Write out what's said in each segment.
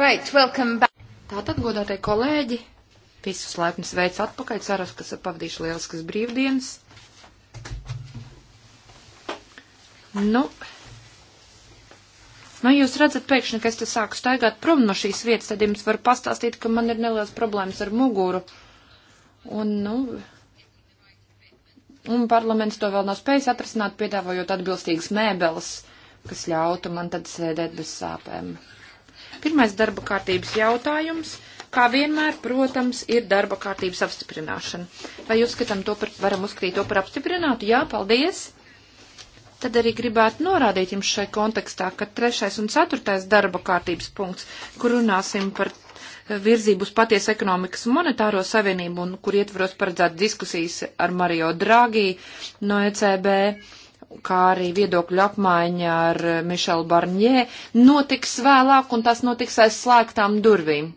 Right, welcome back. Tātad, godātie kolēģi, visus laipni sveic atpakaļ, ceros, ka esat pavadījuši lieliskas brīvdienas. Nu, nu, jūs redzat pēkšņi, ka es te sāku staigāt prom no šīs vietas, tad jums var pastāstīt, ka man ir nelielas problēmas ar muguru. Un, nu, un parlaments to vēl nav spējis atrasināt, piedāvājot atbilstīgas mēbeles, kas ļautu man tad sēdēt bez sāpēm. Pirmais darba kārtības jautājums, kā vienmēr, protams, ir darba kārtības apstiprināšana. Vai uzskatām to par, varam uzskatīt to par apstiprinātu? Jā, paldies! Tad arī gribētu norādīt jums šai kontekstā, ka trešais un ceturtais darba kārtības punkts, kur runāsim par eh, virzību uz patiesu ekonomikas un monetāro savienību, un kur ietvaros paredzēt diskusijas ar Mario Draghi no ECB, kā arī viedokļu apmaiņa ar eh, Mišelu Barņē, notiks vēlāk un tas notiks aiz slēgtām durvīm.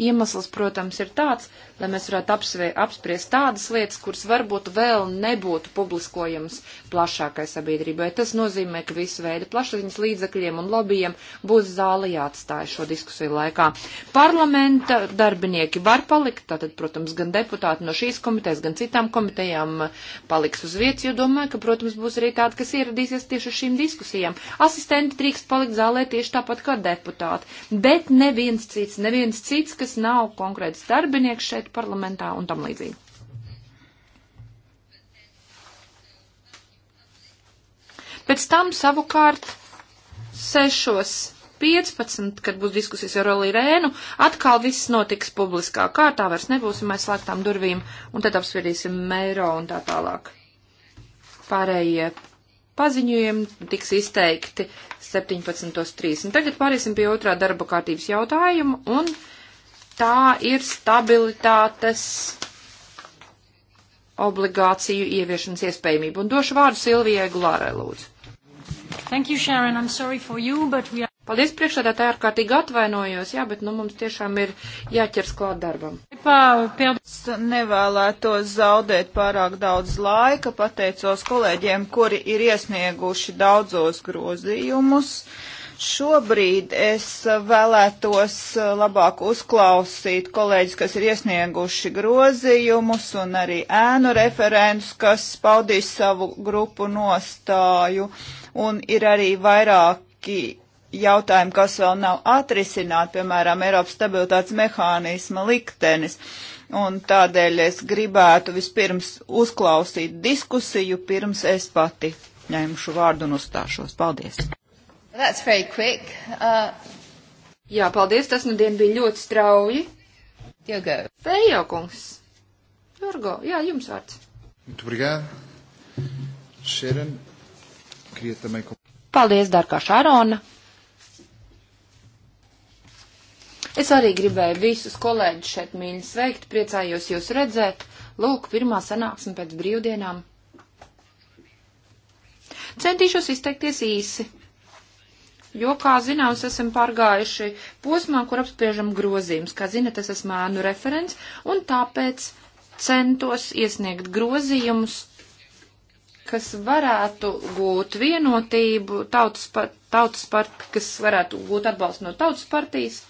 Iemesls, protams, ir tāds, lai mēs varētu apsvē, apspriest tādas lietas, kuras varbūt vēl nebūtu publiskojamas plašākai sabiedrībai. Tas nozīmē, ka visu veidu plašsaziņas līdzakļiem un lobbyiem būs zāle jāatstāja šo diskusiju laikā. Parlamenta darbinieki var palikt, tātad, protams, gan deputāti no šīs komitejas, gan citām komitejām paliks uz vietas, jo domāju, ka, protams, būs arī tādi, kas ieradīsies tieši uz šīm diskusijām. Asistenti drīkst palikt zālē tieši tāpat kā deputāti, bet neviens cits, neviens cits, kas nav konkrēts darbinieks šeit parlamentā un tam līdzīgi. Pēc tam savukārt 6.15, kad būs diskusijas ar Olī Rēnu, atkal viss notiks publiskā kārtā, vairs nebūsim aizslēgtām durvīm, un tad apsvērīsim mēro un tā tālāk. Pārējie paziņojumi tiks izteikti 17.30. Tagad pāriesim pie otrā darba kārtības jautājuma un tā ir stabilitātes obligāciju ieviešanas iespējamība. Un došu vārdu Silvijai Gulārai, lūdzu. Thank you, Sharon. I'm sorry for you, but we are... Paldies priekšsēdētāji, ārkārtīgi atvainojos, jā, bet nu mums tiešām ir jāķers klāt darbam. Pildus nevēlētos zaudēt pārāk daudz laika, pateicos kolēģiem, kuri ir iesnieguši daudzos grozījumus. Uh, Šobrīd es vēlētos eh, labāk uzklausīt kolēģis, kas ir iesnieguši grozījumus un arī ēnu referents, kas paudīs savu grupu nostāju. Un ir arī vairāki jautājumi, kas vēl nav atrisināti, piemēram, Eiropas stabilitātes mehānisma liktenis. Un tādēļ es gribētu vispirms uzklausīt diskusiju, pirms es pati ņemšu vārdu un uzstāšos. Paldies! That's very quick. Uh... Jā, paldies, tas nu dien bija ļoti strauji. Jogo. Fejo kungs. Jorgo, jā, jums vārds. Muito obrigado. Sharon, queria também... Paldies, dārgā Šarona. Es arī gribēju visus kolēģus šeit mīļi sveikt, priecājos jūs redzēt. Lūk, pirmā sanāksme pēc brīvdienām. Centīšos izteikties īsi jo, kā zināms, esam pārgājuši posmā, kur apspriežam grozījums. Kā zinat, es esmu ēnu referents, un tāpēc centos iesniegt grozījumus, kas varētu gūt vienotību, tautas, tautas part, kas varētu gūt atbalstu no tautas partijas.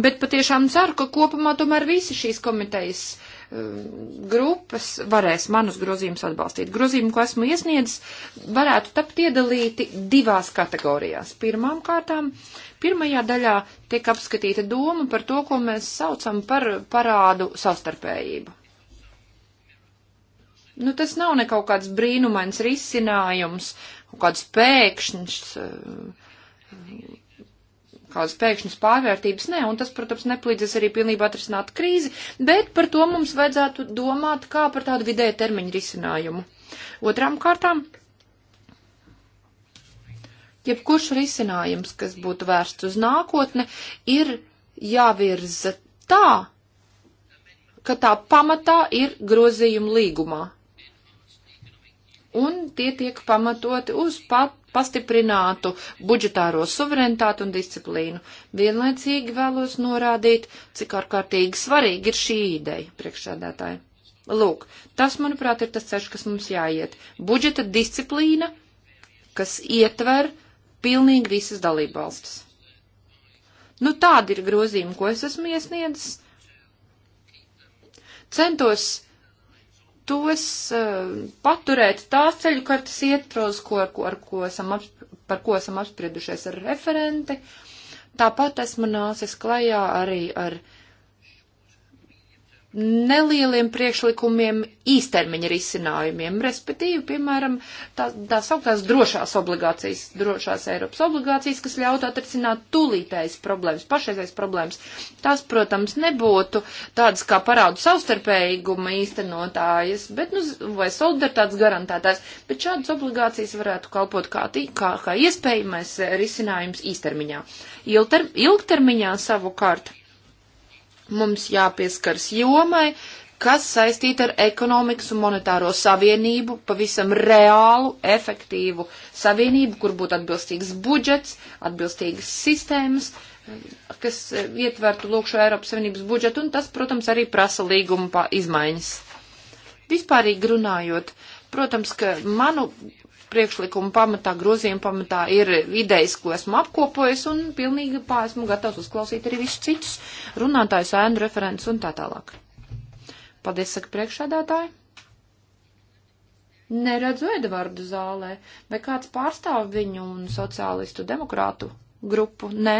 Bet patiešām ceru, ka kopumā tomēr visi šīs komitejas uh, grupas varēs manus grozījumus atbalstīt. Grozījumi, ko esmu iesniedzis, varētu tapt iedalīti divās kategorijās. Pirmām kārtām, pirmajā daļā tiek apskatīta doma par to, ko mēs saucam par parādu savstarpējību. Nu, tas nav ne kaut kāds brīnumains risinājums, kaut kāds pēkšņs kādas pēkšņas pārvērtības, nē, un tas, protams, nepalīdzēs arī pilnībā atrisināt krīzi, bet par to mums vajadzētu domāt kā par tādu vidēja termiņa risinājumu. Otrām kārtām, jebkurš risinājums, kas būtu vērsts uz nākotne, ir jāvirza tā, ka tā pamatā ir grozījuma līgumā. Un tie tiek pamatoti uz pat pastiprinātu budžetāro suverenitāti un disciplīnu. Vienlaicīgi vēlos norādīt, cik ārkārtīgi svarīgi ir šī ideja priekšsēdētāji. Lūk, tas, manuprāt, ir tas ceļš, kas mums jāiet. Budžeta disciplīna, kas ietver pilnīgi visas dalībvalstis. Nu, tādi ir grozījumi, ko es esmu iesniedzis. Centos tos uh, paturēt tās ceļu kartas ietros, ko, ar, ko, ar ko esam ap, par ko esam apspriedušies ar referenti. Tāpat esmu nācis klajā arī ar uh, nelieliem priekšlikumiem īstermiņa risinājumiem, respektīvi, piemēram, tā, tā sauktās drošās obligācijas, drošās Eiropas obligācijas, kas ļautu atrisināt tūlītējas problēmas, pašreizējas problēmas. Tās, protams, nebūtu tādas kā parādu savstarpējuma īstenotājas, bet, nu, vai solidaritātes garantētājs, bet šādas obligācijas varētu kalpot kā, tī, kā, kā iespējamais risinājums īstermiņā. Ilter, ilgtermiņā savukārt Mums jāpieskars jomai, kas saistīta ar ekonomikas un monetāro savienību, pavisam reālu, efektīvu savienību, kur būtu atbilstīgs budžets, atbilstīgas sistēmas, kas eh, ietvertu lūk šo Eiropas Savienības budžetu, un tas, protams, arī prasa līguma izmaiņas. Vispārīgi runājot, protams, ka manu priekšlikumu pamatā, grozījumu pamatā ir idejas, ko esmu apkopojis, un pilnīgi pā esmu gatavs uzklausīt arī visus citus runātājus, ēnu referents un tā tālāk. Paldies, saka priekšsēdētāji. Neredzu Edvardu zālē, vai kāds pārstāv viņu un sociālistu demokrātu grupu? Nē?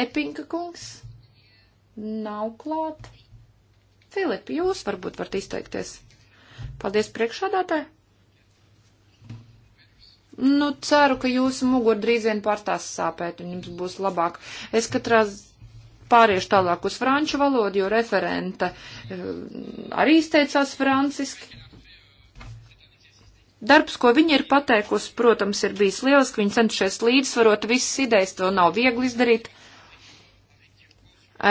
Epinka kungs? Nav klāt. Filipa, jūs varbūt varat izteikties. Paldies priekšādātāji. Nu, ceru, ka jūsu mugur drīz vien pārstās sāpēt un jums būs labāk. Es katrā pāriešu tālāk uz franču valodu, jo referente eh, arī izteicās franciski. Darbs, ko viņa ir pateikusi, protams, ir bijis lielisks, viņa centušies līdzsvarot visas idejas, to nav viegli izdarīt.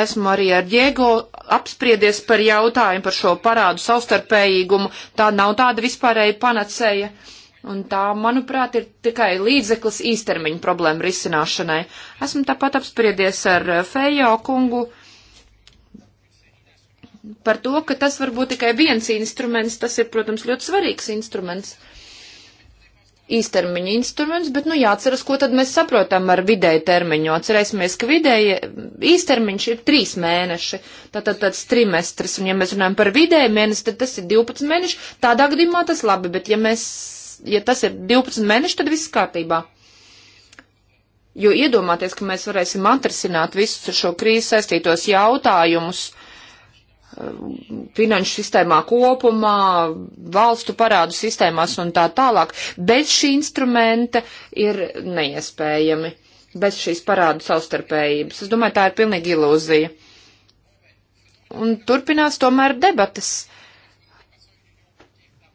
Esmu arī ar Diego apspriedies par jautājumu par šo parādu savstarpējīgumu, tā nav tāda vispārēja panacēja. Uh, Un tā, manuprāt, ir tikai līdzeklis īstermiņa problēmu risināšanai. Esmu tāpat apspriedies ar eh, Fejo kungu par to, ka tas var būt tikai viens instruments. Tas ir, protams, ļoti svarīgs instruments. Īstermiņa instruments, bet, nu, jāatceras, ko tad mēs saprotam ar vidēju termiņu. Atcerēsimies, ka vidēja īstermiņš ir trīs mēneši, tātad tāds trimestris, un ja mēs runājam par vidēju mēnesi, tad tas ir 12 mēneši. Tādā gadījumā tas labi, bet ja mēs ja tas ir 12 mēneši, tad viss kārtībā. Jo iedomāties, ka mēs varēsim atrisināt visus ar šo krīzi saistītos jautājumus um, finanšu sistēmā kopumā, valstu parādu sistēmās un tā tālāk, bez šī instrumenta ir neiespējami, bez šīs parādu savstarpējības. Es domāju, tā ir pilnīgi ilūzija. Un turpinās tomēr debatas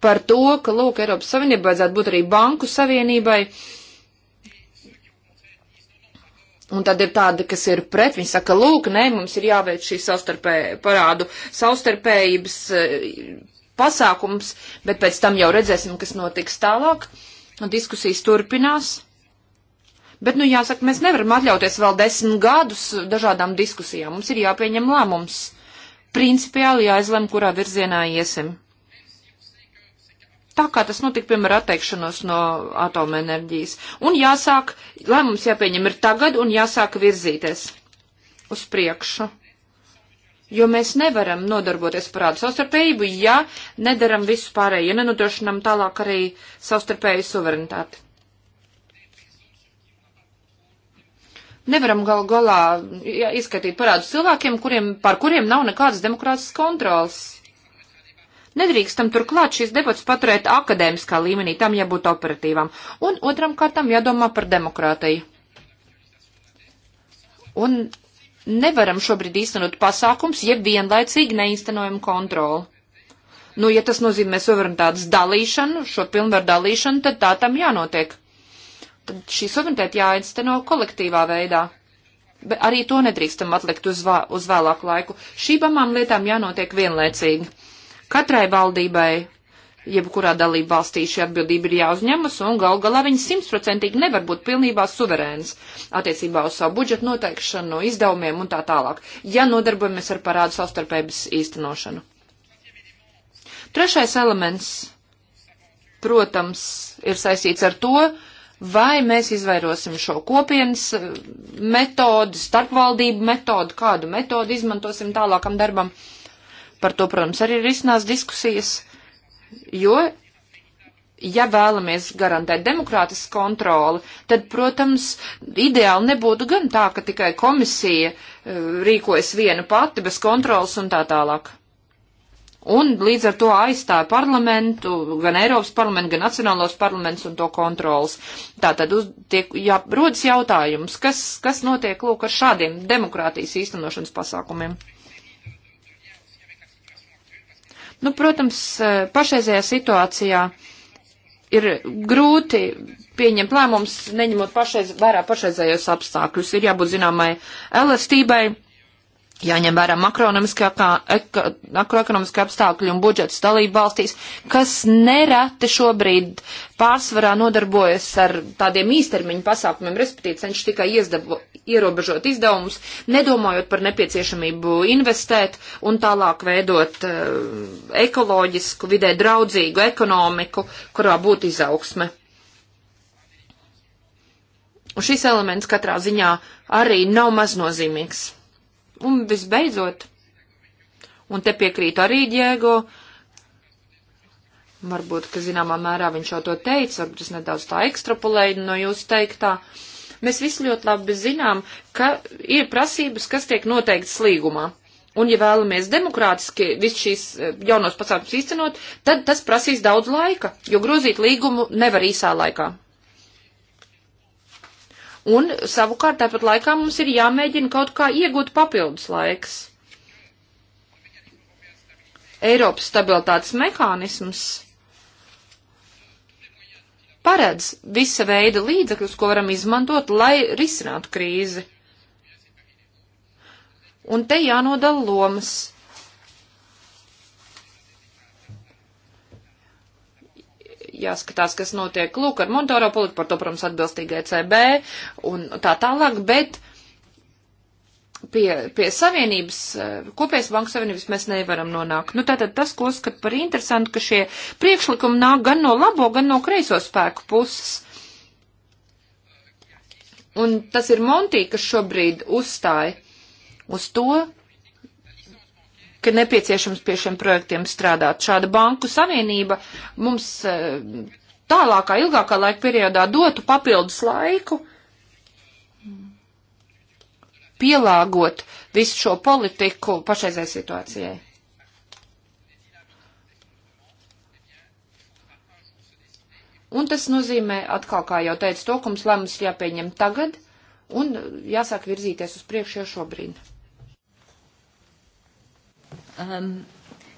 par to, ka, lūk, Eiropas Savienība vajadzētu būt arī banku savienībai. Un tad ir tādi, kas ir pret, viņi saka, lūk, nē, mums ir jāveic šī savstarpē, parādu savstarpējības eh, pasākums, bet pēc tam jau redzēsim, kas notiks tālāk. Diskusijas turpinās. Bet, nu, jāsaka, mēs nevaram atļauties vēl desmit gadus dažādām diskusijām. Mums ir jāpieņem lēmums. Principiāli jāizlem, kurā virzienā iesim. Tā kā tas notika, piemēram, atteikšanos no atomenerģijas. Un jāsāk, lēmums jāpieņem ir tagad un jāsāk virzīties uz priekšu. Jo mēs nevaram nodarboties parādu savstarpējību, ja nedaram visu pārējo, ja nenodrošinam tālāk arī savstarpēju suverenitāti. Nevaram gal galā izskatīt parādus cilvēkiem, kuriem, par kuriem nav nekādas demokrātiskas kontrolas Nedrīkstam turklāt šīs debats paturēt akadēmiskā līmenī, tam jābūt operatīvām. Un otram kārtam jādomā par demokrātiju. Un nevaram šobrīd īstenot pasākums, ja vienlaicīgi neīstenojam kontroli. Nu, ja tas nozīmē suverenitātes dalīšanu, šo pilnvaru dalīšanu, tad tā tam jānotiek. Tad šī suverenitāte jāizteno kolektīvā veidā. Bet arī to nedrīkstam atlikt uz, vā, uz vēlāku laiku. Šībām lietām jānotiek vienlaicīgi. Katrai valdībai jebkurā dalība valstī šī atbildība ir jāuzņemas, un gal galā viņas simtprocentīgi nevar būt pilnībā suverēnas attiecībā uz savu budžetu noteikšanu, izdevumiem un tā tālāk, ja nodarbojamies ar parādu savstarpējības īstenošanu. Trešais elements, protams, ir saistīts ar to, vai mēs izvairosim šo kopienas eh, metodu, starpvaldību metodu, kādu metodu izmantosim tālākam darbam. Uh, Par to, protams, arī ir izcinās diskusijas, jo, ja vēlamies garantēt demokrātisku kontroli, tad, protams, ideāli nebūtu gan tā, ka tikai komisija eh, rīkojas viena pati bez kontrolas un tā tālāk. Un līdz ar to aizstāja parlamentu, gan Eiropas parlamentu, gan nacionālos parlamentus un to kontrols. Tātad uz, tiek, jā, rodas jautājums, kas, kas notiek lūk ar šādiem demokrātijas īstenošanas pasākumiem. Nu, protams, e, pašreizējā situācijā ir grūti pieņemt lēmumus, neņemot pašreiz, vērā pašreizējos apstākļus. Ir jābūt zināmai elastībai Jāņem vērā makroekonomiskā apstākļa un budžets dalību valstīs, kas nereti šobrīd pārsvarā nodarbojas ar tādiem īstermiņu pasākumiem, respektīvi cenšas tikai iezdabu, ierobežot izdevumus, nedomājot par nepieciešamību investēt un tālāk veidot uh, ekoloģisku, vidē draudzīgu ekonomiku, kurā būtu izaugsme. Un šis elements katrā ziņā arī nav maznozīmīgs. Un visbeidzot, un te piekrīt arī Diego, varbūt, ka zināmā mērā viņš jau to teica, varbūt es nedaudz tā ekstrapolēju no jūsu teiktā. Mēs visi ļoti labi zinām, ka ir prasības, kas tiek noteikts līgumā. Un, ja vēlamies demokrātiski visu šīs eh, jaunos pasākums īstenot, tad tas prasīs daudz laika, jo grozīt līgumu nevar īsā laikā un savukārt tāpat laikā mums ir jāmēģina kaut kā iegūt papildus laiks. Eiropas stabilitātes mehānisms paredz visa veida līdzekļus, ko varam izmantot, lai risinātu krīzi. Un te jānodala lomas. jāskatās, kas notiek lūk ar monetāro politiku, par to, protams, atbilstīgi ECB un tā tālāk, bet pie, pie savienības, eh, kopējas banku savienības mēs nevaram nonākt. Nu, tātad tas, ko skat par interesantu, ka šie priekšlikumi nāk gan no labo, gan no kreiso spēku puses. Un tas ir Montī, kas šobrīd uzstāja uz to, ka nepieciešams pie šiem projektiem strādāt. Šāda banku savienība mums e, tālākā, ilgākā laika periodā dotu papildus laiku pielāgot visu šo politiku pašreizai situācijai. Un tas nozīmē, atkal, kā jau teicu, to, ka mums lēmums jāpieņem tagad un jāsāk virzīties uz priekšu jau šobrīd. Um,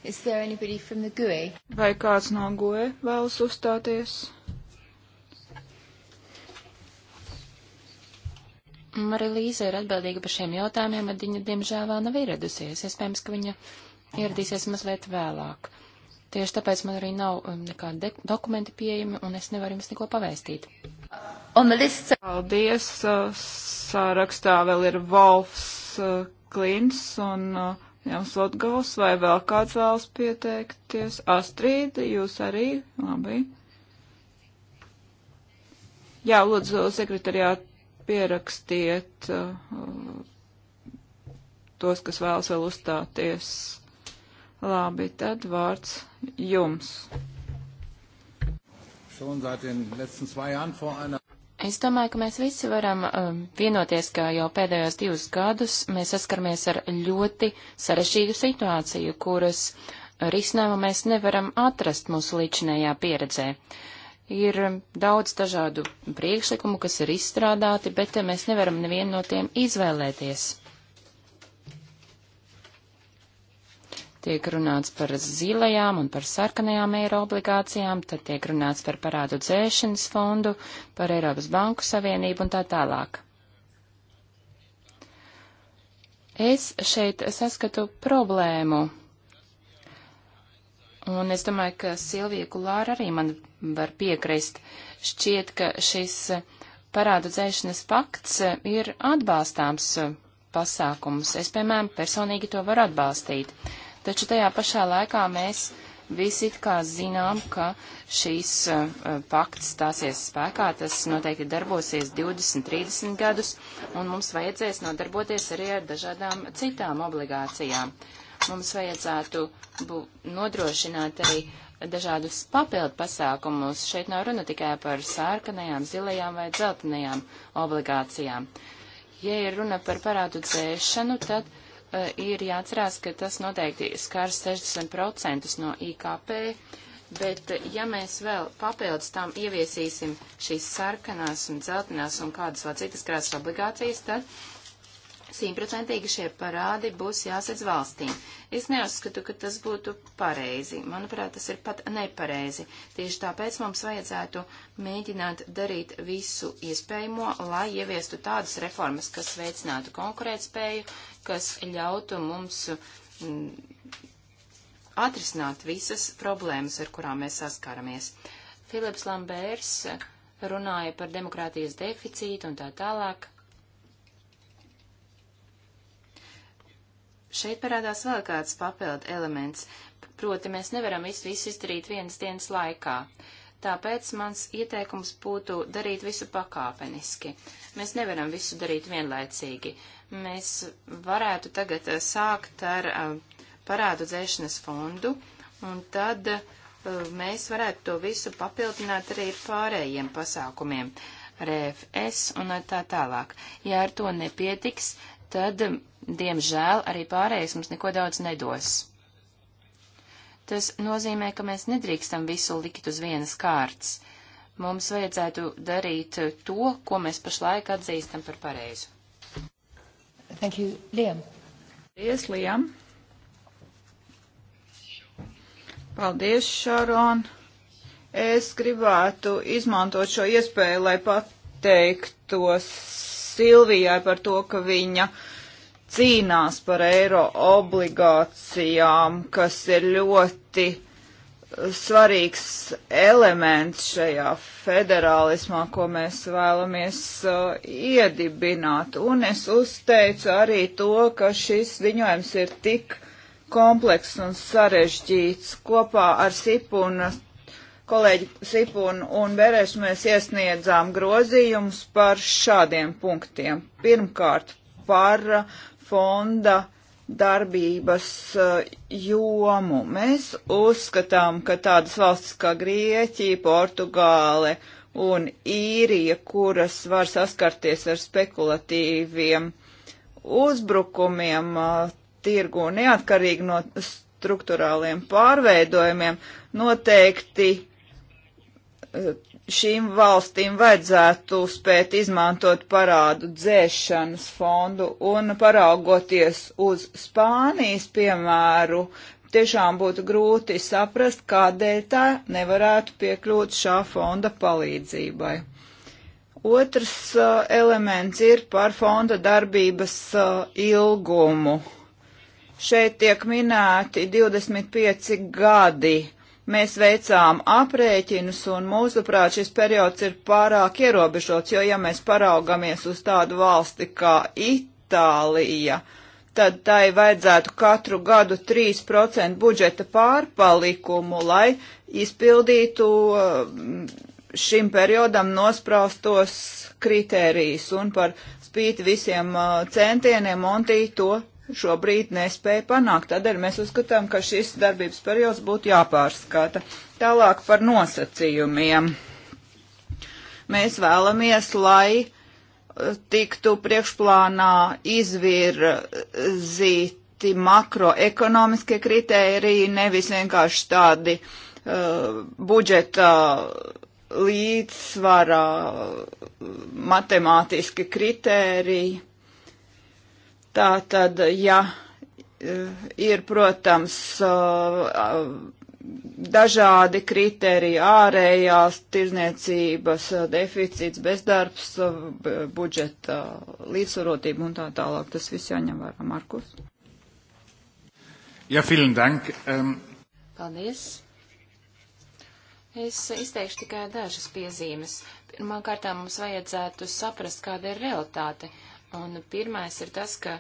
is there anybody from the GUE? Vai kāds no GUE vēlas uzstāties? Marilīza ir atbildīga par šiem jautājumiem, bet viņa diemžēl vēl nav ieradusies. Iespējams, ka viņa ieradīsies mazliet vēlāk. Tieši tāpēc man arī nav um, nekādi dokumenti pieejami, un es nevaru jums neko pavēstīt. Paldies! Uh, sārakstā vēl ir Volfs uh, Klins un uh, Jāms Lotgals vai vēl kāds vēlas pieteikties? Astrīda, jūs arī? Labi. Jā, lūdzu, sekretariāt pierakstiet uh, tos, kas vēlas vēl uzstāties. Labi, tad vārds jums. Schon seit den letzten zwei Jahren vor einer Es domāju, ka mēs visi varam um, vienoties, ka jau pēdējos divus gadus mēs saskaramies ar ļoti sarešķītu situāciju, kuras risinājumu mēs nevaram atrast mūsu līdzinējā pieredzē. Ir daudz dažādu priekšlikumu, kas ir izstrādāti, bet mēs nevaram nevienu no tiem izvēlēties. tiek runāts par zilajām un par sarkanajām eiro obligācijām, tad tiek runāts par parādu dzēšanas fondu, par Eiropas Banku Savienību un tā tālāk. Es šeit saskatu problēmu, un es domāju, ka Silvija Kulāra arī man var piekrist. Šķiet, ka šis parādu dzēšanas pakts ir atbalstāms pasākums. Es, piemēram, personīgi to varu atbalstīt. Uh, Taču tajā pašā laikā mēs visi it kā zinām, ka šīs uh, pakts stāsies spēkā, tas noteikti darbosies 20, 30 gadus, un mums vajadzēs nodarboties arī ar dažādām citām obligācijām. Mums vajadzētu nodrošināt arī dažādus papildu pasākumus. Šeit nav runa tikai par sārkanajām, zilajām vai dzeltenajām obligācijām. Ja ir runa par parādu dzēšanu, tad Eh, ir jāatcerās, ka tas noteikti skars 60% no IKP, bet eh, ja mēs vēl papildus tam ieviesīsim šīs sarkanās un dzeltenās un kādas vēl citas krāsas obligācijas, tad simtprocentīgi šie parādi būs jāsadz valstīm. Es neuzskatu, ka tas būtu pareizi. Manuprāt, tas ir pat nepareizi. Tieši tāpēc mums vajadzētu mēģināt darīt visu iespējamo, lai ieviestu tādas reformas, kas veicinātu konkurētspēju, kas ļautu mums mm, atrisināt visas problēmas, ar kurām mēs saskaramies. Filips Lambērs runāja par demokrātijas deficītu un tā tālāk. Šeit parādās vēl kāds papildu elements, proti mēs nevaram visu, visu izdarīt vienas dienas laikā. Tāpēc mans ieteikums būtu darīt visu pakāpeniski. Mēs nevaram visu darīt vienlaicīgi. Mēs varētu tagad eh, sākt ar eh, parādu dzēšanas fondu, un tad eh, mēs varētu to visu papildināt arī ar pārējiem pasākumiem, RFS un tā tālāk. Ja ar to nepietiks, tad, diemžēl, arī pārējais mums neko daudz nedos. Tas nozīmē, ka mēs nedrīkstam visu likt uz vienas kārtas. Mums vajadzētu darīt to, ko mēs pašlaik atzīstam par pareizu. Thank you, Liam. Paldies, Liam. Paldies, Šaron. Es gribētu izmantot šo iespēju, lai pateiktos Silvijai par to, ka viņa uh, cīnās par eiro obligācijām, kas ir ļoti svarīgs elements šajā federālismā, ko mēs vēlamies uh, iedibināt. Un es uzteicu arī to, ka šis ziņojums ir tik komplekss un sarežģīts. Kopā ar Sipuna, kolēģi Sipunu un Berešu mēs iesniedzām grozījumus par šādiem punktiem. Pirmkārt, par fonda darbības eh, jomu. Mēs uzskatām, ka tādas valstis kā Grieķija, Portugāle un Īrija, kuras var saskarties ar spekulatīviem uzbrukumiem eh, tirgu neatkarīgi no struktūrāliem pārveidojumiem, noteikti eh, šīm valstīm vajadzētu spēt izmantot parādu dzēšanas fondu un paraugoties uz Spānijas piemēru, tiešām būtu grūti saprast, kādēļ tā nevarētu piekļūt šā fonda palīdzībai. Otrs uh, elements ir par fonda darbības uh, ilgumu. Šeit tiek minēti 25 gadi Mēs veicām aprēķinus, un mūsuprāt šis periods ir pārāk ierobežots, jo ja mēs paraugamies uz tādu valsti kā Itālija, tad tai vajadzētu katru gadu 3% budžeta pārpalikumu, lai izpildītu mm, šim periodam nospraustos kritērijus, un par spīti visiem uh, centieniem Montī to šobrīd nespēja panākt. Tādēļ mēs uzskatām, ka šis darbības periods būtu jāpārskata. Tālāk par nosacījumiem. Mēs vēlamies, lai eh, tiktu priekšplānā izvirzīti makroekonomiskie kritēriji, nevis vienkārši tādi uh, budžeta līdzsvarā matemātiski kritēriji. Tā tad, ja eh, ir, protams, eh, dažādi kriteriji ārējās tirzniecības eh, deficīts, bezdarbs, budžeta līdzsvarotība un tā tālāk. Tas viss jāņem vērā, Markus. Ja, vielen dank. Um... Paldies. Es izteikšu tikai dažas piezīmes. Pirmkārt, mums vajadzētu saprast, kāda ir realitāte. Uh, Un pirmais ir tas, ka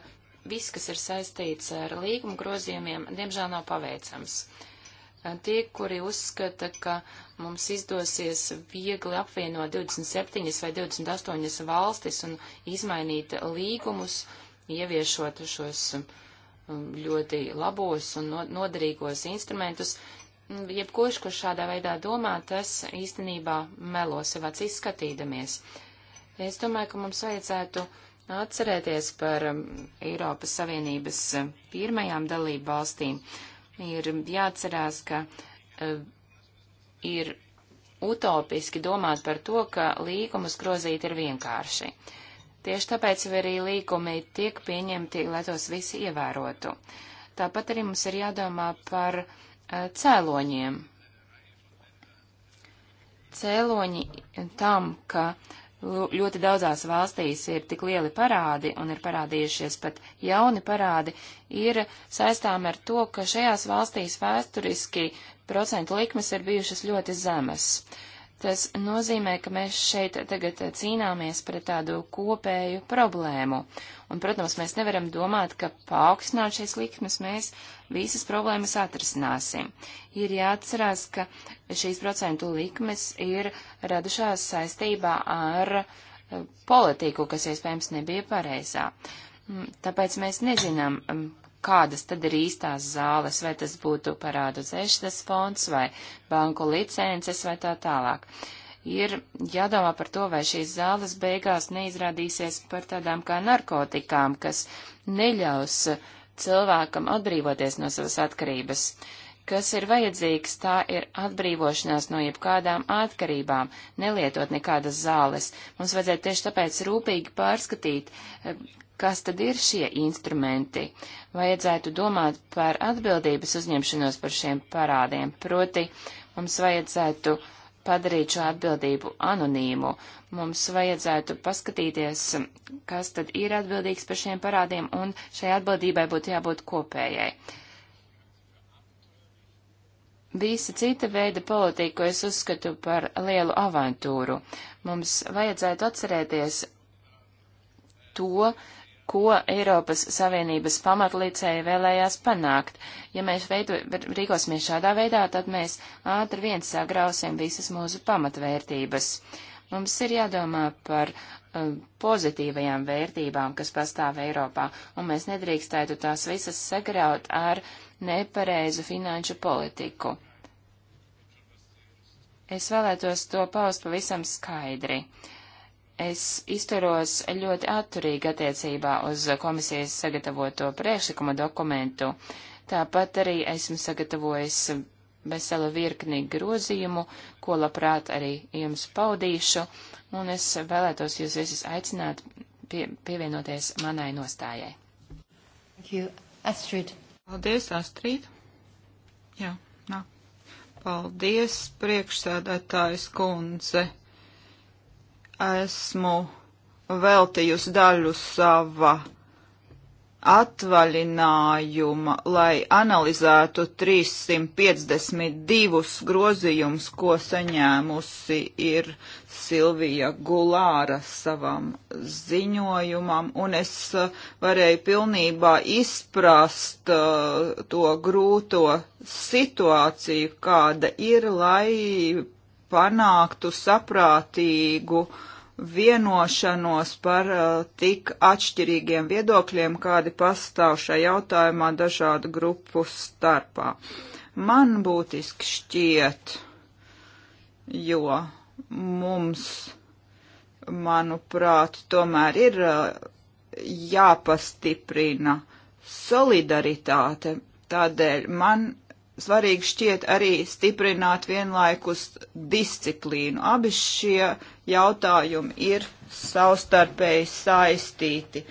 viss, kas ir saistīts ar līguma grozījumiem, diemžēl nav paveicams. Tie, kuri uzskata, ka mums izdosies viegli apvienot 27 vai 28 valstis un izmainīt līgumus, ieviešot šos um, ļoti labos un noderīgos instrumentus, mm, jebkurš, kurš šādā veidā domā, tas īstenībā melo sev acīs skatīdamies. Es domāju, ka mums vajadzētu atcerēties par um, Eiropas Savienības um, pirmajām dalību valstīm, ir jāatcerās, ka um, ir utopiski domāt par to, ka līkumus grozīt ir vienkārši. Tieši tāpēc arī līkumi tiek pieņemti, lai tos visi ievērotu. Tāpat arī mums ir jādomā par uh, cēloņiem. Cēloņi tam, ka uh, ļoti daudzās valstīs ir tik lieli parādi un ir parādījušies pat jauni parādi, ir saistām ar to, ka šajās valstīs vēsturiski procentu likmes ir bijušas ļoti zemes. Uh, Tas nozīmē, ka mēs šeit tagad cīnāmies pret tādu kopēju problēmu. Un, protams, mēs nevaram domāt, ka paaugstināt šīs likmes mēs visas problēmas atrisināsim. Ir jāatcerās, ka šīs procentu likmes ir radušās saistībā ar eh, politiku, kas iespējams nebija pareizā. Mm, tāpēc mēs nezinām, mm, kādas tad ir īstās zāles, vai tas būtu parādu zešas fonds vai banku licences vai tā tālāk. Ir jādomā par to, vai šīs zāles beigās neizrādīsies par tādām kā narkotikām, kas neļaus cilvēkam atbrīvoties no savas atkarības. Kas ir vajadzīgs, tā ir atbrīvošanās no jebkādām atkarībām, nelietot nekādas zāles. Mums vajadzētu tieši tāpēc rūpīgi pārskatīt, kas tad ir šie instrumenti. Vajadzētu domāt par atbildības uzņemšanos par šiem parādiem, proti mums vajadzētu padarīt šo atbildību anonīmu, mums vajadzētu paskatīties, kas tad ir atbildīgs par šiem parādiem, un šai atbildībai būtu jābūt kopējai. Visa cita veida politiku es uzskatu par lielu avantūru. Mums vajadzētu atcerēties to, ko Eiropas Savienības pamatlicēja vēlējās panākt. Ja mēs veidu, rīkosimies šādā veidā, tad mēs ātri vien sagrausim visas mūsu pamatvērtības. Mums ir jādomā par uh, pozitīvajām vērtībām, kas pastāv Eiropā, un mēs nedrīkstētu tās visas sagraut ar nepareizu finanšu politiku. Es vēlētos to paust pavisam skaidri. Uh, Es izturos ļoti atturīgi attiecībā uz komisijas sagatavoto priekšlikuma dokumentu. Tāpat arī esmu sagatavojis veselu virkni grozījumu, ko labprāt arī jums paudīšu, un es vēlētos jūs visus aicināt pie, pievienoties manai nostājai. Astrid. Paldies, Astrid. Jā, nāk. Paldies, priekšsēdētājs kundze esmu veltījusi daļu sava atvaļinājuma, lai analizētu 352 grozījumus, ko saņēmusi ir Silvija Gulāra savam ziņojumam, un es uh, varēju pilnībā izprast uh, to grūto situāciju, kāda ir, lai panāktu saprātīgu vienošanos par uh, tik atšķirīgiem viedokļiem, kādi pastāv šajā jautājumā dažādu grupu starpā. Man būtiski šķiet, jo mums, manuprāt, tomēr ir uh, jāpastiprina solidaritāte. Tādēļ man svarīgi šķiet arī stiprināt vienlaikus disciplīnu. Abi šie jautājumi ir savstarpēji saistīti.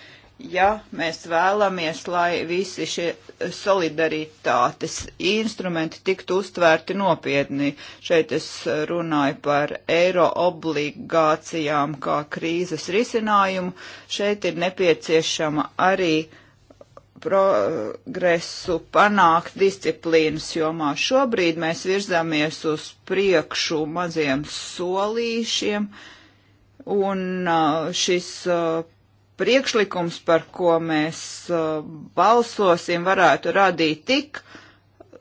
Ja mēs vēlamies, lai visi šie solidaritātes instrumenti tiktu uztvērti nopietni, šeit es runāju par eiro obligācijām kā krīzes risinājumu, šeit ir nepieciešama arī uh, progresu panākt disciplīnas jomā. Šobrīd mēs virzāmies uz priekšu maziem solīšiem, un uh, šis uh, priekšlikums, par ko mēs uh, balsosim, varētu radīt tik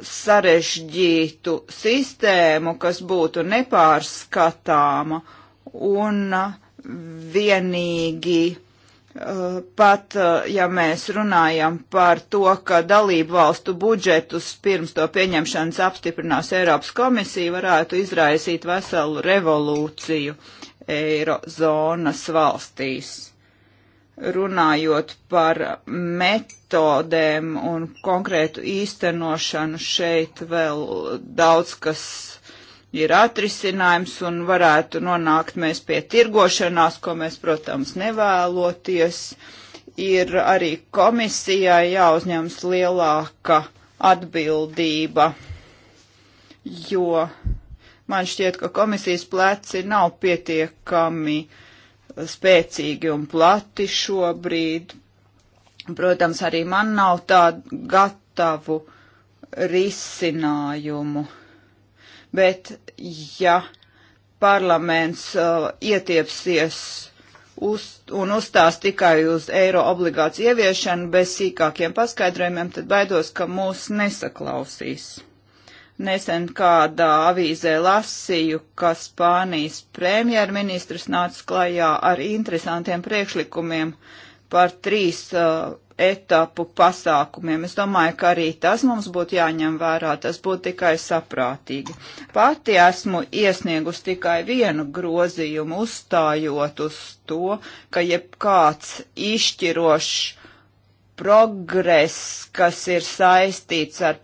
sarežģītu sistēmu, kas būtu nepārskatāma un vienīgi Eh, pat eh, ja mēs runājam par to, ka dalību valstu budžetus pirms to pieņemšanas apstiprinās Eiropas komisija, varētu izraisīt veselu revolūciju eirozonas valstīs. Runājot par metodēm un konkrētu īstenošanu, šeit vēl daudz kas ir atrisinājums un varētu nonākt mēs pie tirgošanās, ko mēs, protams, nevēloties. Ir arī komisijai jāuzņems lielāka atbildība, jo man šķiet, ka komisijas pleci nav pietiekami spēcīgi un plati šobrīd. Protams, arī man nav tādu gatavu risinājumu bet ja parlaments uh, ietiepsies uz, un uzstās tikai uz eiro obligāciju ieviešanu bez sīkākiem paskaidrojumiem, tad baidos, ka mūs nesaklausīs. Nesen kādā avīzē lasīju, ka Spānijas premjerministrs nāca klajā ar interesantiem priekšlikumiem par trīs uh, etapu pasākumiem. Es domāju, ka arī tas mums būtu jāņem vērā, tas būtu tikai saprātīgi. Pati esmu iesniegus tikai vienu grozījumu, uzstājot uz to, ka jebkāds izšķirošs progress, kas ir saistīts ar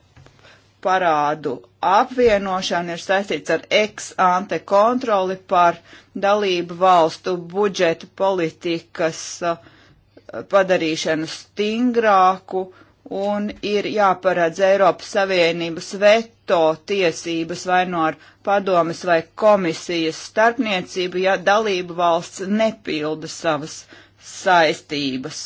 parādu apvienošana ir saistīts ar ex-ante kontroli par dalību valstu budžeta politikas uh, padarīšanu stingrāku un ir jāparedz Eiropas Savienības veto tiesības vai no nu ar padomas vai komisijas starpniecību, ja dalību valsts nepilda savas saistības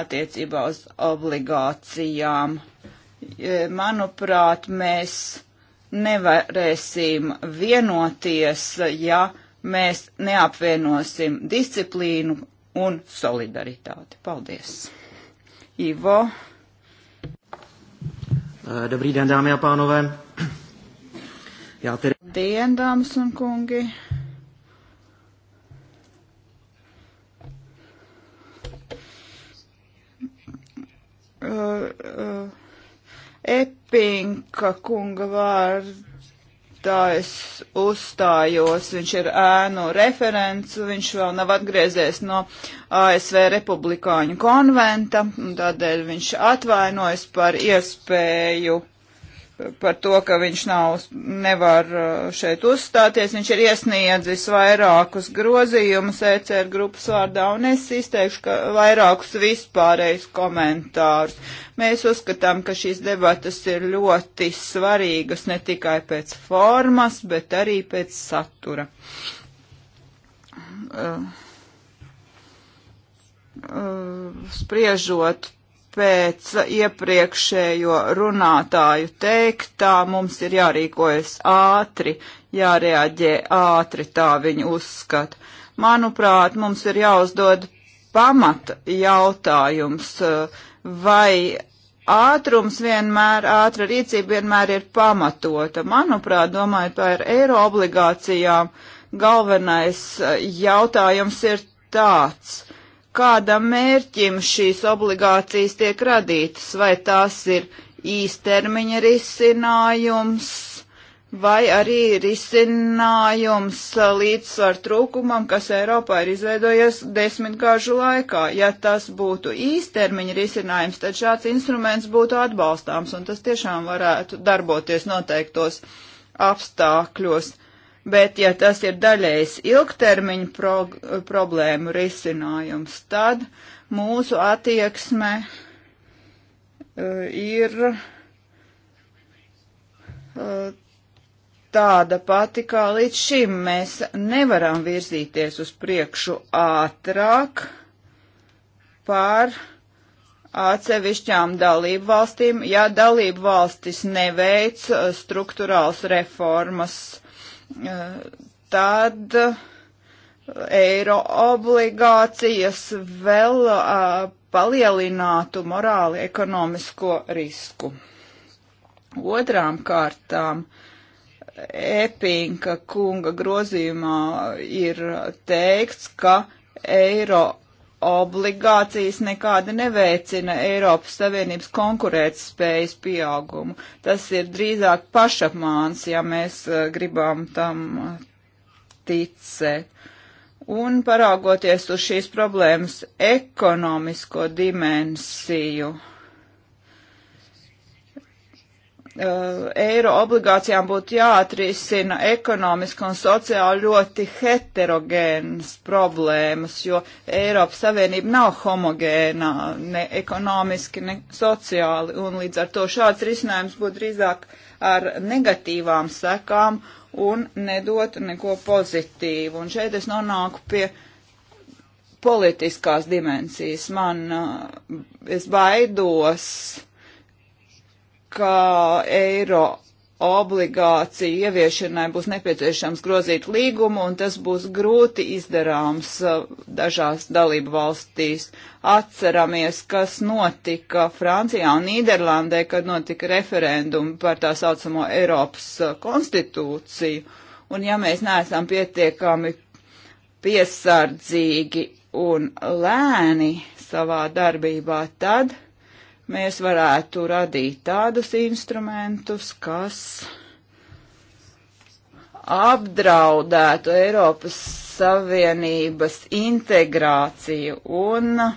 attiecībā uz obligācijām. E, manuprāt, mēs nevarēsim vienoties, ja mēs neapvienosim disciplīnu un solidaritāti. Paldies! Ivo. Eh, dobrý den, dámy a pánové. Já tedy... Dien, dámas un kungi. Uh, uh, Epinka kunga vārds es uzstājos, viņš ir ēnu referents, viņš vēl nav atgriezies no ASV republikāņu konventa, tādēļ viņš atvainojas par iespēju par to, ka viņš nav, nevar uh, šeit uzstāties. Viņš ir iesniedzis vairākus grozījumus ECR grupas vārdā, un es izteikšu vairākus vispārējus komentārus. Mēs uzskatām, ka šīs debatas ir ļoti svarīgas ne tikai pēc formas, bet arī pēc satura. Uh, uh, spriežot pēc iepriekšējo runātāju teiktā mums ir jārīkojas ātri, jārēģē ātri, tā viņi uzskata. Manuprāt, mums ir jāuzdod pamata jautājums, vai ātrums vienmēr, ātra rīcība vienmēr ir pamatota. Manuprāt, domājot par eiro obligācijām, galvenais jautājums ir tāds kādam mērķim šīs obligācijas tiek radītas, vai tās ir īstermiņa risinājums, vai arī risinājums līdzsvar trūkumam, kas Eiropā ir izveidojies desmitgāžu laikā. Ja tas būtu īstermiņa risinājums, tad šāds instruments būtu atbalstāms, un tas tiešām varētu darboties noteiktos apstākļos bet ja tas ir daļējs ilgtermiņa pro problēmu risinājums, tad mūsu attieksme uh, ir uh, tāda pati kā līdz šim. Mēs nevaram virzīties uz priekšu ātrāk pār atsevišķām dalību valstīm, ja dalību valstis neveic eh, struktūrāls reformas tad uh, eiro obligācijas vēl uh, palielinātu morāli ekonomisko risku. Otrām kārtām Epinka kunga grozījumā ir teikts, ka eiro obligācijas nekādi neveicina Eiropas Savienības konkurētspējas pieaugumu. Tas ir drīzāk pašapmāns, ja mēs eh, gribam tam eh, ticēt. Un paraugoties uz šīs problēmas ekonomisko dimensiju Eh, eiro obligācijām būtu jāatrisina ekonomiski un sociāli ļoti heterogēnas problēmas, jo Eiropas Savienība nav homogēna ne ekonomiski, ne sociāli, un līdz ar to šāds risinājums būtu drīzāk ar negatīvām sekām un nedot neko pozitīvu. Un šeit es nonāku pie politiskās dimensijas. Man, eh, es baidos, ka eiro obligāciju ieviešanai būs nepieciešams grozīt līgumu, un tas būs grūti izdarāms uh, dažās dalību valstīs. Atceramies, kas notika Francijā un Nīderlandē, kad notika referendumi par tā saucamo Eiropas uh, konstitūciju, un ja mēs neesam pietiekami piesardzīgi un lēni savā darbībā, tad mēs varētu radīt tādus instrumentus, kas apdraudētu Eiropas Savienības integrāciju un uh,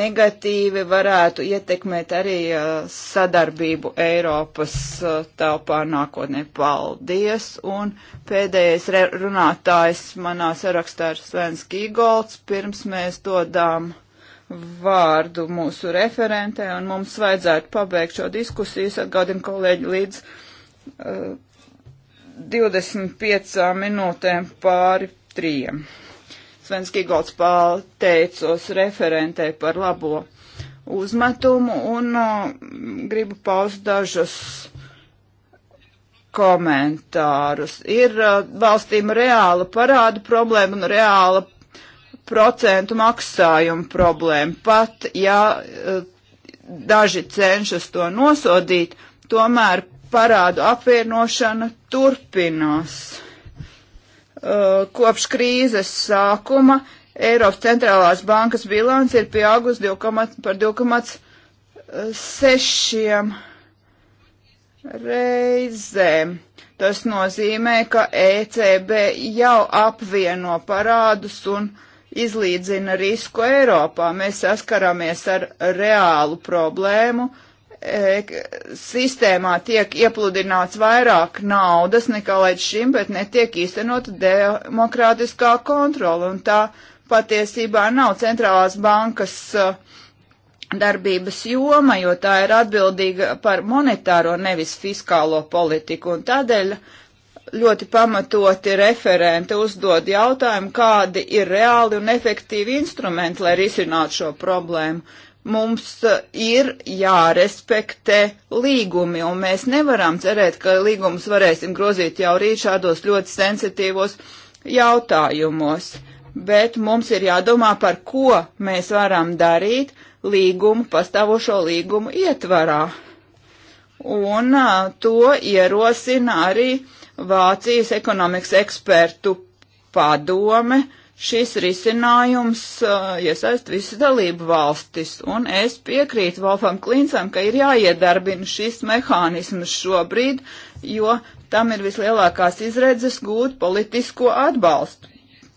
negatīvi varētu ietekmēt arī uh, sadarbību Eiropas uh, telpā nākotnē. Paldies! Un pēdējais runātājs manā sarakstā ir Svens Kīgolds. Pirms mēs dodām vārdu mūsu referentē, un mums vajadzētu pabeigt šo diskusiju, atgādinu kolēģi, līdz uh, eh, 25 minūtēm pāri trijiem. Svens Gigolds pateicos referentē par labo uzmetumu un uh, gribu paust dažus komentārus. Ir uh, valstīm reāla parāda problēma un reāla procentu maksājumu problēma. Pat ja eh, daži cenšas to nosodīt, tomēr parādu apvienošana turpinās. Eh, kopš krīzes sākuma Eiropas centrālās bankas bilants ir pieaugusi par 2,6 reizēm. Tas nozīmē, ka ECB jau apvieno parādus un uh, izlīdzina risku Eiropā. Mēs saskaramies ar reālu problēmu. E, sistēmā tiek iepludināts vairāk naudas nekā līdz šim, bet netiek īstenota demokrātiskā kontrola. Un tā patiesībā nav centrālās bankas uh, darbības joma, jo tā ir atbildīga par monetāro, nevis fiskālo politiku. Un tādēļ ļoti pamatoti referenti uzdod jautājumu, kādi ir reāli un efektīvi instrumenti, lai risinātu šo problēmu. Mums uh, ir jārespektē līgumi, un mēs nevaram cerēt, ka līgumus varēsim grozīt jau rīt šādos ļoti sensitīvos jautājumos. Bet mums ir jādomā, par ko mēs varam darīt līgumu, pastāvošo līgumu ietvarā. Un uh, to ierosina arī uh, Vācijas ekonomikas ekspertu padome. Šis risinājums uh, iesaist visas dalību valstis, un es piekrītu Volfam Klinsam, ka ir jāiedarbina šis mehānisms šobrīd, jo tam ir vislielākās izredzes gūt politisko atbalstu.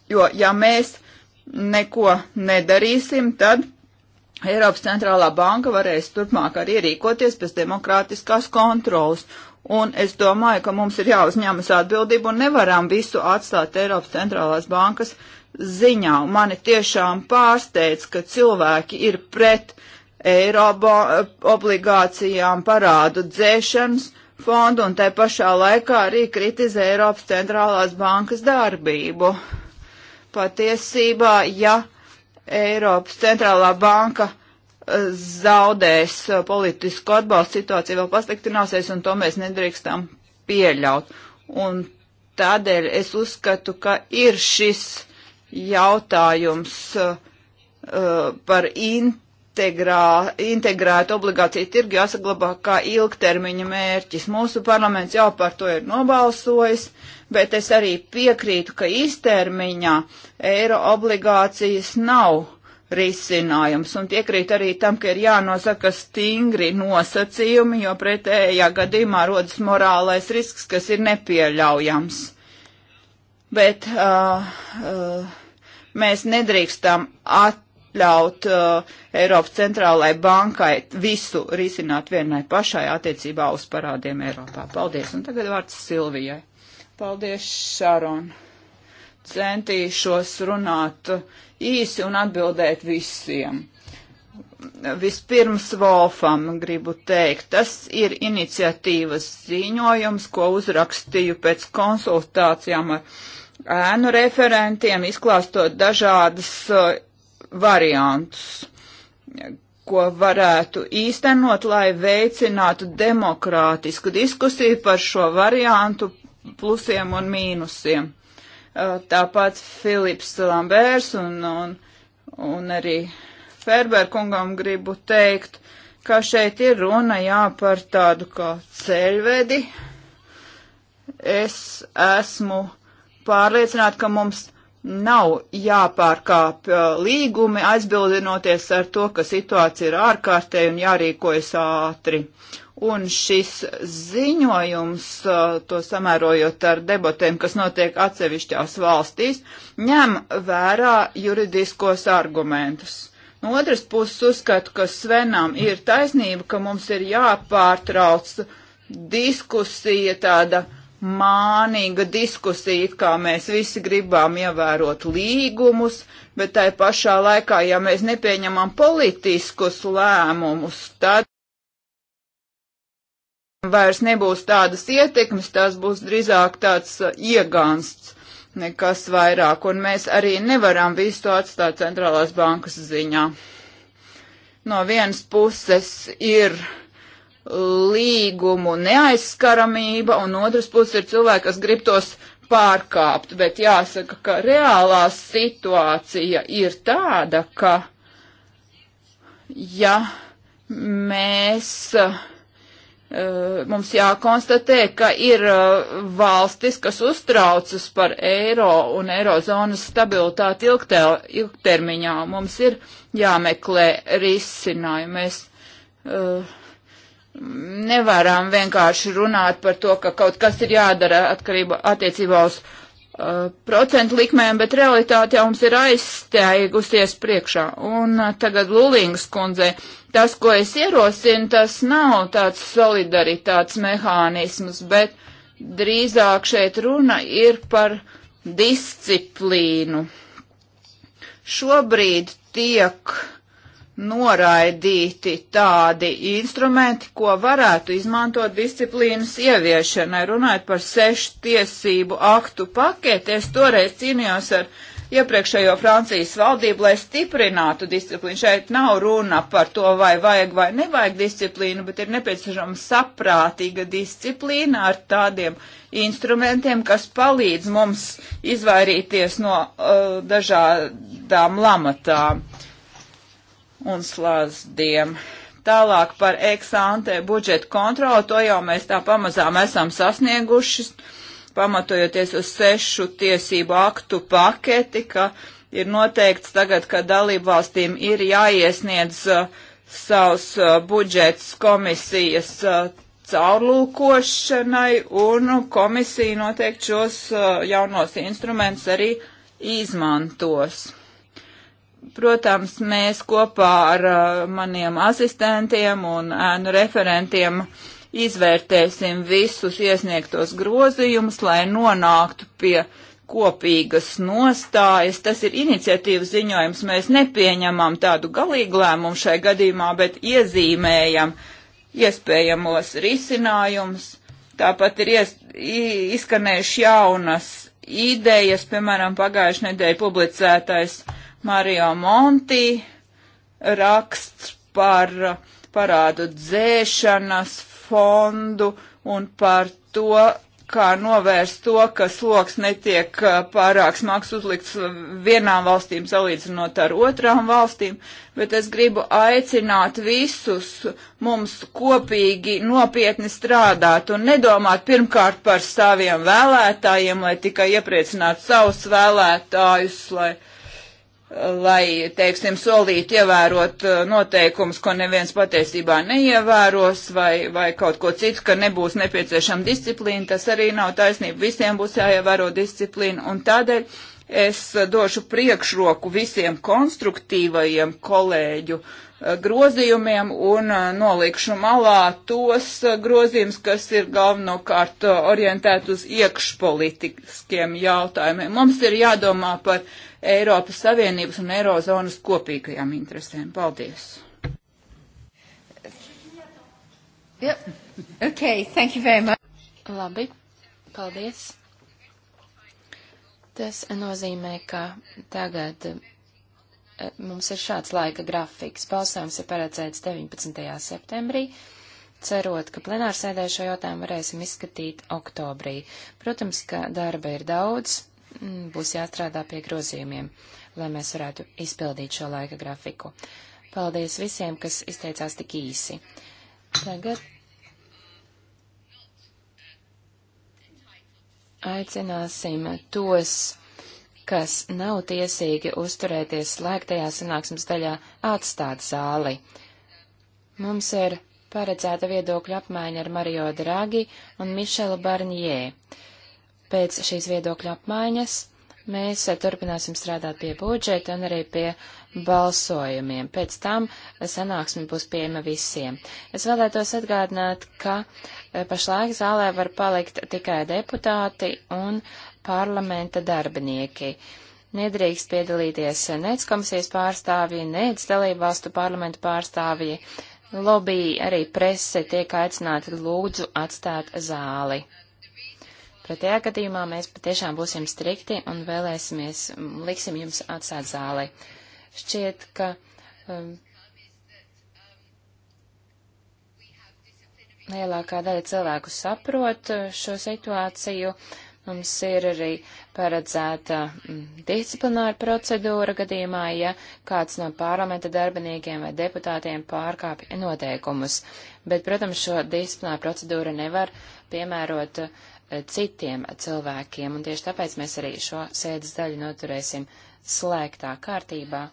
Jo, ja mēs neko nedarīsim, tad Eiropas centrālā banka varēs turpmāk arī rīkoties pēc demokrātiskās kontrolas. Un es domāju, ka mums ir jāuzņemas atbildība un nevaram visu atstāt Eiropas centrālās bankas ziņā. Un mani tiešām pārsteidz, ka cilvēki ir pret eiro obligācijām parādu dzēšanas fondu un tai pašā laikā arī kritizē Eiropas centrālās bankas darbību. Patiesībā, ja Eiropas centrālā banka zaudēs uh, politisku atbalstu, situācija vēl pasliktināsies, un to mēs nedrīkstam pieļaut. Un tādēļ es uzskatu, ka ir šis jautājums uh, uh, par integrā, integrētu obligāciju tirgu jāsaglabā kā ilgtermiņa mērķis. Mūsu parlaments jau par to ir nobalsojis, bet es arī piekrītu, ka īstermiņā eiro obligācijas nav risinājums. Un piekrīt arī tam, ka ir jānosaka stingri nosacījumi, jo pretējā gadījumā rodas morālais risks, kas ir nepieļaujams. Bet uh, uh, mēs nedrīkstam atļaut uh, Eiropas centrālajai bankai visu risināt vienai pašai attiecībā uz parādiem Eiropā. Paldies. Un tagad vārds Silvijai. Paldies, Šaron. Centīšos runāt. Uh, īsi un atbildēt visiem. Vispirms Volfam gribu teikt, tas ir iniciatīvas ziņojums, ko uzrakstīju pēc konsultācijām ar ēnu referentiem, izklāstot dažādas uh, variantus, ko varētu īstenot, lai veicinātu demokrātisku diskusiju par šo variantu plusiem un mīnusiem. Uh, tāpat Filips Lambērs un, un, un arī Ferberkungam gribu teikt, ka šeit ir runa jā par tādu kā ceļvedi. Es esmu pārliecināta, ka mums nav jāpārkāp uh, līgumi, aizbildinoties ar to, ka situācija ir ārkārtēja un jārīkojas ātri. Un šis ziņojums, uh, to samērojot ar debatēm, kas notiek atsevišķās valstīs, ņem vērā juridiskos argumentus. No otras puses uzskatu, ka Svenam ir taisnība, ka mums ir jāpārtrauc diskusija tāda mānīga diskusija, kā mēs visi gribām ievērot līgumus, bet tai pašā laikā, ja mēs nepieņemam politiskus lēmumus, tad vairs nebūs tādas ietekmes, tās būs drīzāk tāds uh, iegānsts nekas vairāk, un mēs arī nevaram visu atstāt centrālās bankas ziņā. No vienas puses ir līgumu neaizskaramība, un otras puses ir cilvēki, kas grib tos pārkāpt, bet jāsaka, ka reālā situācija ir tāda, ka ja mēs uh, Eh, mums jākonstatē, ka ir eh, valstis, kas uztraucas par eiro un eirozonas stabilitāti ilgtē, ilgtermiņā. Mums ir jāmeklē risinājumi. Mēs uh, nevaram vienkārši runāt par to, ka kaut kas ir jādara atkarībā attiecībā uz procentu likmēm, bet realitāte jau mums ir aizsteigusies priekšā. Un uh, tagad Lulīngas kundze, tas, ko es ierosinu, tas nav tāds solidaritātes mehānisms, bet drīzāk šeit runa ir par disciplīnu. Šobrīd tiek uh, noraidīti tādi instrumenti, ko varētu izmantot disciplīnas ieviešanai. Runājot par sešu tiesību aktu paketi, es toreiz cīnījos ar iepriekšējo Francijas valdību, lai stiprinātu disciplīnu. Šeit nav runa par to, vai vajag vai nevajag disciplīnu, bet ir nepieciešama saprātīga disciplīna ar tādiem instrumentiem, kas palīdz mums izvairīties no uh, dažādām lamatām. Uh, un slazdiem. Tālāk par eksāntē budžeta kontroli, to jau mēs tā pamazām esam sasnieguši, pamatojoties uz sešu tiesību aktu paketi, ka ir noteikts tagad, ka dalību valstīm ir jāiesniedz uh, savs uh, budžets komisijas uh, caurlūkošanai, un komisija noteikti šos uh, jaunos instrumentus arī izmantos. Protams, mēs kopā ar uh, maniem asistentiem un ēnu referentiem izvērtēsim visus iesniegtos grozījumus, lai nonāktu pie kopīgas nostājas. Tas ir iniciatīvas ziņojums. Mēs nepieņemam tādu galīgu lēmumu šai gadījumā, bet iezīmējam iespējamos risinājumus. Tāpat ir ies, izskanējuši jaunas idejas, piemēram, pagājušajā nedēļā publicētais Mario Monti raksts par parādu dzēšanas fondu un par to, kā novērst to, ka sloks netiek pārāk smags uzlikts vienām valstīm salīdzinot ar otrām valstīm, bet es gribu aicināt visus mums kopīgi nopietni strādāt un nedomāt pirmkārt par saviem vēlētājiem, lai tikai iepriecinātu savus vēlētājus, lai uh, lai, teiksim, solītu ievērot uh, noteikumus, ko neviens patiesībā neievēros, vai, vai kaut ko citu, ka nebūs nepieciešama disciplīna, tas arī nav taisnība. Visiem būs jāievēro disciplīna, un tādēļ es uh, došu priekšroku visiem konstruktīvajiem kolēģu grozījumiem un eh, nolikšu malā tos eh, grozījums, kas ir galvenokārt eh, orientēti uz iekšpolitiskiem jautājumiem. Mums ir jādomā par Eiropas Savienības un Eirozonas kopīgajām interesēm. Paldies! Yep. Okay, thank you very much. Labi, paldies. Tas nozīmē, ka tagad mums ir šāds laika grafiks. Balsojums ir paredzēts 19. septembrī, cerot, ka plenārsēdē šo jautājumu varēsim izskatīt oktobrī. Protams, ka darba ir daudz, būs jāstrādā pie grozījumiem, lai mēs varētu izpildīt šo laika grafiku. Paldies visiem, kas izteicās tik īsi. Tagad aicināsim tos kas nav tiesīgi uzturēties slēgtajā sanāksmes daļā, atstāt zāli. Mums ir paredzēta viedokļa apmaiņa ar Mario Draghi un Mišelu Barnjē. Pēc šīs viedokļa apmaiņas mēs turpināsim strādāt pie budžeta un arī pie balsojumiem. Pēc tam sanāksme būs pieejama visiem. Es vēlētos atgādināt, ka pašlaik zālē var palikt tikai deputāti un uh, parlamenta darbinieki. Nedrīkst piedalīties nec komisijas pārstāvji, nec dalībvalstu parlamentu pārstāvji. Lobby arī prese tiek aicināti lūdzu atstāt zāli. Pretējā gadījumā mēs patiešām būsim strikti un vēlēsimies, liksim jums atstāt zāli. Šķiet, ka um, lielākā daļa cilvēku saprot uh, šo situāciju. Uh, Mums ir arī paredzēta mm, disciplināra procedūra gadījumā, ja kāds no parlamenta darbiniekiem vai deputātiem pārkāpja noteikumus. Bet, protams, šo disciplināru procedūru nevar piemērot eh, citiem cilvēkiem, un tieši tāpēc mēs arī šo sēdes daļu noturēsim slēgtā kārtībā,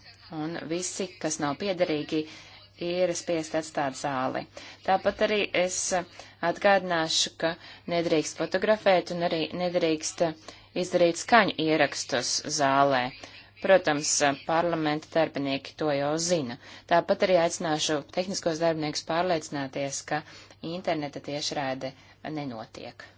un visi, kas nav piederīgi, ir spiest atstāt zāli. Tāpat arī es atgādināšu, ka nedrīkst fotografēt un arī nedrīkst izdarīt skaņu ierakstus zālē. Protams, parlamenta darbinieki to jau zina. Tāpat arī aicināšu tehniskos darbiniekus pārliecināties, ka interneta tiešraide nenotiek.